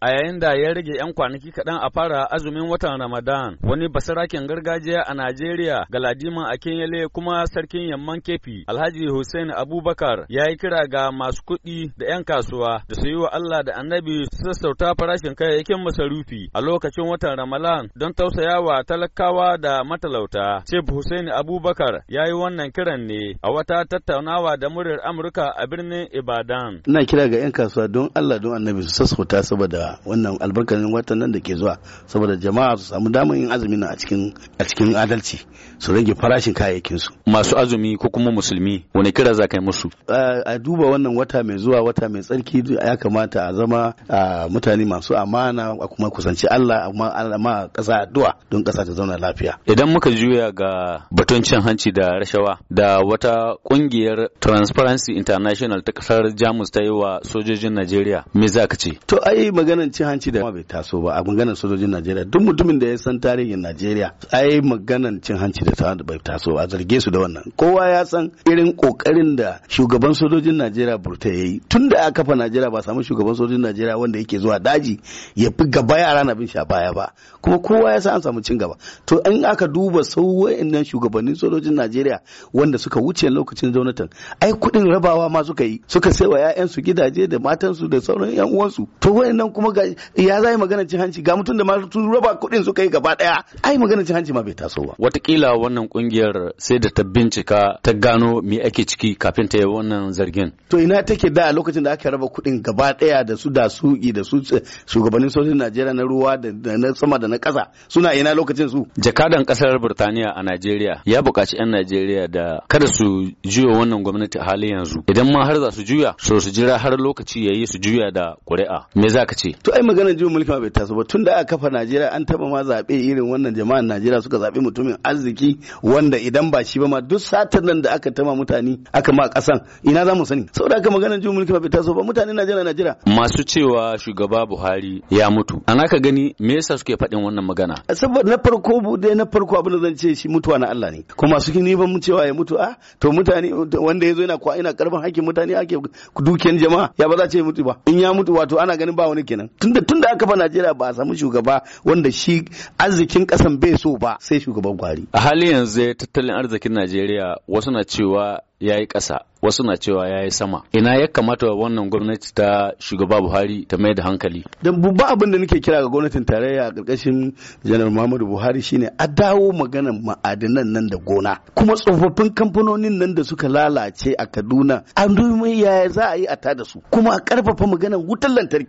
a yayin da ya rage 'yan kwanaki kaɗan a fara azumin watan Ramadan. Wani basarakin gargajiya a Najeriya, Galadima Akinyele kuma sarkin yamman kefi, Alhaji Hussein Abubakar ya yi kira ga masu kuɗi da 'yan kasuwa da su yi wa Allah da annabi su sassauta farashin kayayyakin masarufi a lokacin watan Ramadan don tausaya wa talakawa da matalauta. Chief Hussein Abubakar ya yi wannan kiran ne a wata tattaunawa da muryar Amurka a birnin Ibadan. Ina kira ga 'yan kasuwa don Allah don annabi su sassauta saboda wannan albarkarin watan nan da ke zuwa saboda jama'a su samu damar yin azumi na a cikin adalci su rage farashin kayayyakin su masu azumi ko kuma musulmi wani kira za kai musu a duba wannan wata mai zuwa wata mai tsarki ya kamata a zama a mutane masu amana a kuma kusanci Allah amma kasa addu'a don kasa ta zauna lafiya idan muka juya ga batun cin hanci da rashawa da wata kungiyar Transparency International ta kasar Jamus ta yi wa sojojin Najeriya me za ka ce to ai magana maganar cin hanci da bai taso ba a maganar sojojin Najeriya duk mutumin da ya san tarihin Najeriya ai maganar cin hanci da ta bai taso a zarge su da wannan kowa ya san irin kokarin da shugaban sojojin Najeriya Burta yayi tun da aka kafa Najeriya ba samu shugaban sojojin Najeriya wanda yake zuwa daji ya fi gaba yara na bin sha baya ba kuma kowa ya san an samu cin gaba to in aka duba sauwayen nan shugabannin sojojin Najeriya wanda suka wuce lokacin Jonathan ai kuɗin rabawa ma suka yi suka sai wa 'ya'yansu gidaje da matansu da sauran 'yan uwansu to wayannan kuma kuma ya zai magana cin hanci ga mutum da ma tun raba kuɗin su kai gaba ɗaya ai magana cin hanci ma bai taso ba watakila wannan kungiyar sai da ta bincika ta gano me ake ciki kafin ta yi wannan zargin to ina take da a lokacin da aka raba kuɗin gaba ɗaya da su da suki da su eh, shugabannin sojin Najeriya na ruwa da na sama da na ƙasa suna ina lokacin su jakadan kasar Burtaniya a Najeriya ya buƙaci 'yan Najeriya da kada su juya wannan gwamnati a halin yanzu idan ma har za su juya so su jira har lokaci yayi su juya da kuri'a me za ka ce to ai maganar juyin mulki ma bai taso ba tunda aka kafa Najeriya an taba ma zabe irin wannan jama'an Najeriya suka zabe mutumin arziki wanda idan ba shi ba ma duk satar nan da aka tama mutane aka ma kasan ina za mu sani saboda aka maganar juyin mulki ma bai taso ba mutane Najeriya Najeriya masu cewa shugaba Buhari ya mutu an aka gani me yasa suke faɗin wannan magana saboda na farko dai na farko abin da zan ce shi mutuwa na Allah ne kuma su ni ban cewa ya mutu a ah, to mutane wanda yazo yana kwa ina karban hakkin mutane ake dukiyar jama'a ya ba za ce mutu ba in ya mutu wato ana ganin ba wani kenan tunda tunda aka fa Najeriya ba a samu shugaba wanda shi arzikin kasan bai so ba sai shugaban kwari a halin yanzu tattalin arzikin Najeriya wasu na cewa ya yi ƙasa wasu na cewa ya yi sama ina ya kamata wannan gwamnati ta shugaba buhari ta mai da hankali don babban abin da nake kira ga gwamnatin tarayya a ƙarƙashin janar muhammadu buhari shine a dawo maganar ma'adinan nan da gona kuma tsofaffin kamfanonin nan da suka lalace a kaduna a yaya za a yi a tada su kuma a ƙarfafa maganar wutar lantarki